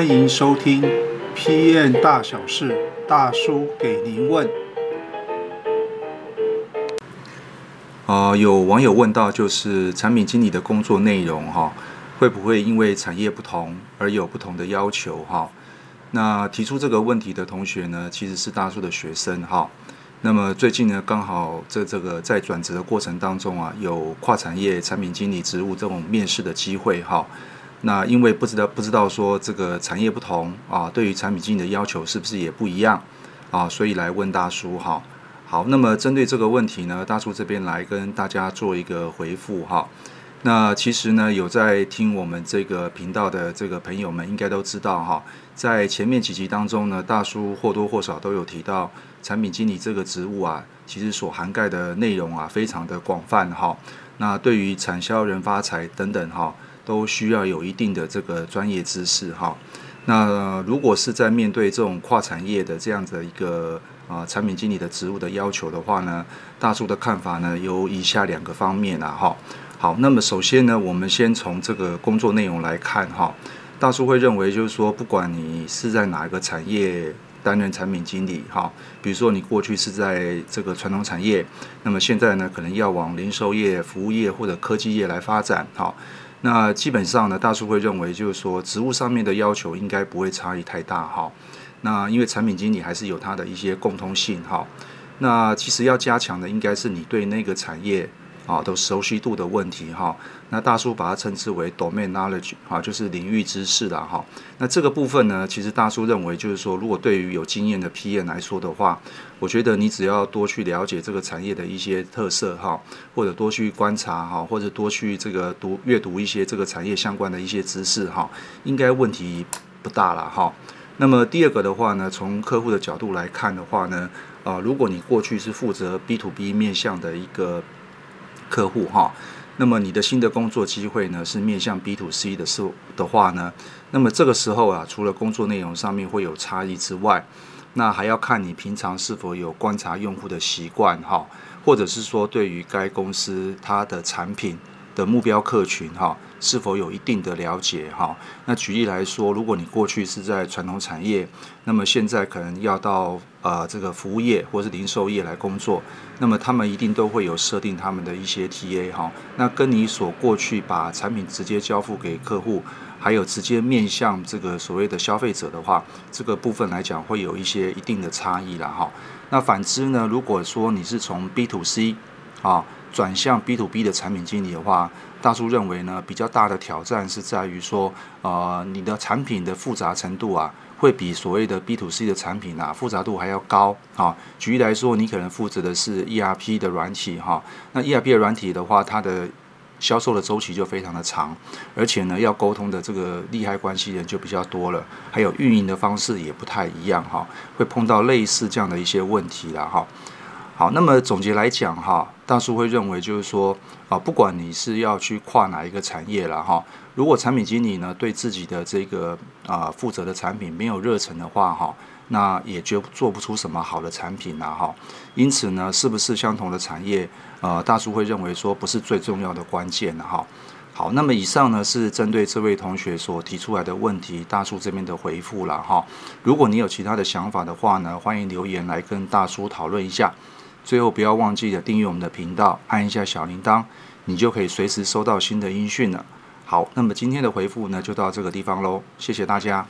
歡迎收聽《PM 大小事》，大叔給您問。呃，有網友問到，就是產品經理的工作內容哈，會不會因為產業不同而有不同的要求哈？那提出這個問題的同學呢，其實是大叔的學生哈。那麼最近呢，剛好在這個在轉職的過程當中啊，有跨產業產品經理職務這種面試的機會哈。那因為不知道不知道說這個產業不同啊，對於產品經理的要求是不是也不一樣啊？所以來問大叔哈。好，好，那麼針對這個問題呢，大叔這邊來跟大家做一個回復哈。那其實呢，有在聽我們這個頻道的這個朋友們應該都知道哈，在前面幾集當中呢，大叔或多或少都有提到產品經理這個職務啊，其實所涵蓋的內容啊非常的廣泛哈。那對於產銷人發財等等哈。都需要有一定的這個專業知識哈。那如果是在面對這種跨產業的這樣子的一個啊產品經理的職務的要求的話呢，大叔的看法呢有以下兩個方面啊哈。好，那麼首先呢，我們先從這個工作內容來看哈。大叔會認為就是說，不管你是在哪一個產業擔任產品經理哈，比如說你過去是在這個傳統產業，那麼現在呢，可能要往零售業、服務業或者科技業來發展哈。那基本上呢，大叔會認為就是說，職務上面的要求應該不會差異太大哈。那因為產品經理還是有他的一些共通性哈。那其實要加強的應該是你對那個產業。啊，都熟悉度的問題哈。那大叔把它稱之為 Domain Knowledge 哈，就是領域知識啦。哈。那這個部分呢，其實大叔認為就是說，如果對於有經驗的 PM 來說的話，我覺得你只要多去了解這個產業的一些特色哈，或者多去觀察哈，或者多去這個讀閱讀一些這個產業相關的一些知識哈，應該問題不大了哈。那麼第二個的話呢，從客戶的角度來看的話呢，啊，如果你過去是負責 B to B 面向的一個客戶哈，那麼你的新的工作機會呢，是面向 B to C 的事的話呢，那麼這個時候啊，除了工作內容上面會有差異之外，那還要看你平常是否有觀察用戶的習慣哈，或者是說對於該公司它的產品的目標客群哈，是否有一定的了解哈？那舉例來說，如果你過去是在傳統產業，那麼現在可能要到呃這個服務業或是零售業來工作，那麼他們一定都會有設定他們的一些 TA 哈。那跟你所過去把產品直接交付給客戶，還有直接面向這個所謂的消費者的話，這個部分來講會有一些一定的差異啦。哈。那反之呢，如果說你是從 B to C 啊。轉向 B to B 的產品經理的話，大叔認為呢，比較大的挑戰是在於說，呃，你的產品的複雜程度啊，會比所謂的 B to C 的產品啊複雜度還要高啊。舉例來說，你可能負責的是 ERP 的軟體哈、啊，那 ERP 的軟體的話，它的銷售的週期就非常的長，而且呢，要溝通的這個利害關係人就比較多了，還有運營的方式也不太一樣哈、啊，會碰到類似這樣的一些問題了哈。啊好，那麼總結來講哈，大叔會認為就是說啊，不管你是要去跨哪一個產業了哈，如果產品經理呢對自己的這個啊、呃、負責的產品沒有熱忱的話哈，那也就做不出什麼好的產品了。哈。因此呢，是不是相同的產業啊、呃，大叔會認為說不是最重要的關鍵了哈。好，那麼以上呢是針對這位同學所提出來的問題，大叔這邊的回復了哈。如果你有其他的想法的話呢，歡迎留言來跟大叔討論一下。最後，不要忘記了訂閱我們的頻道，按一下小鈴鐺，你就可以隨時收到新的音訊了。好，那麼今天的回復呢，就到這個地方嘍，謝謝大家。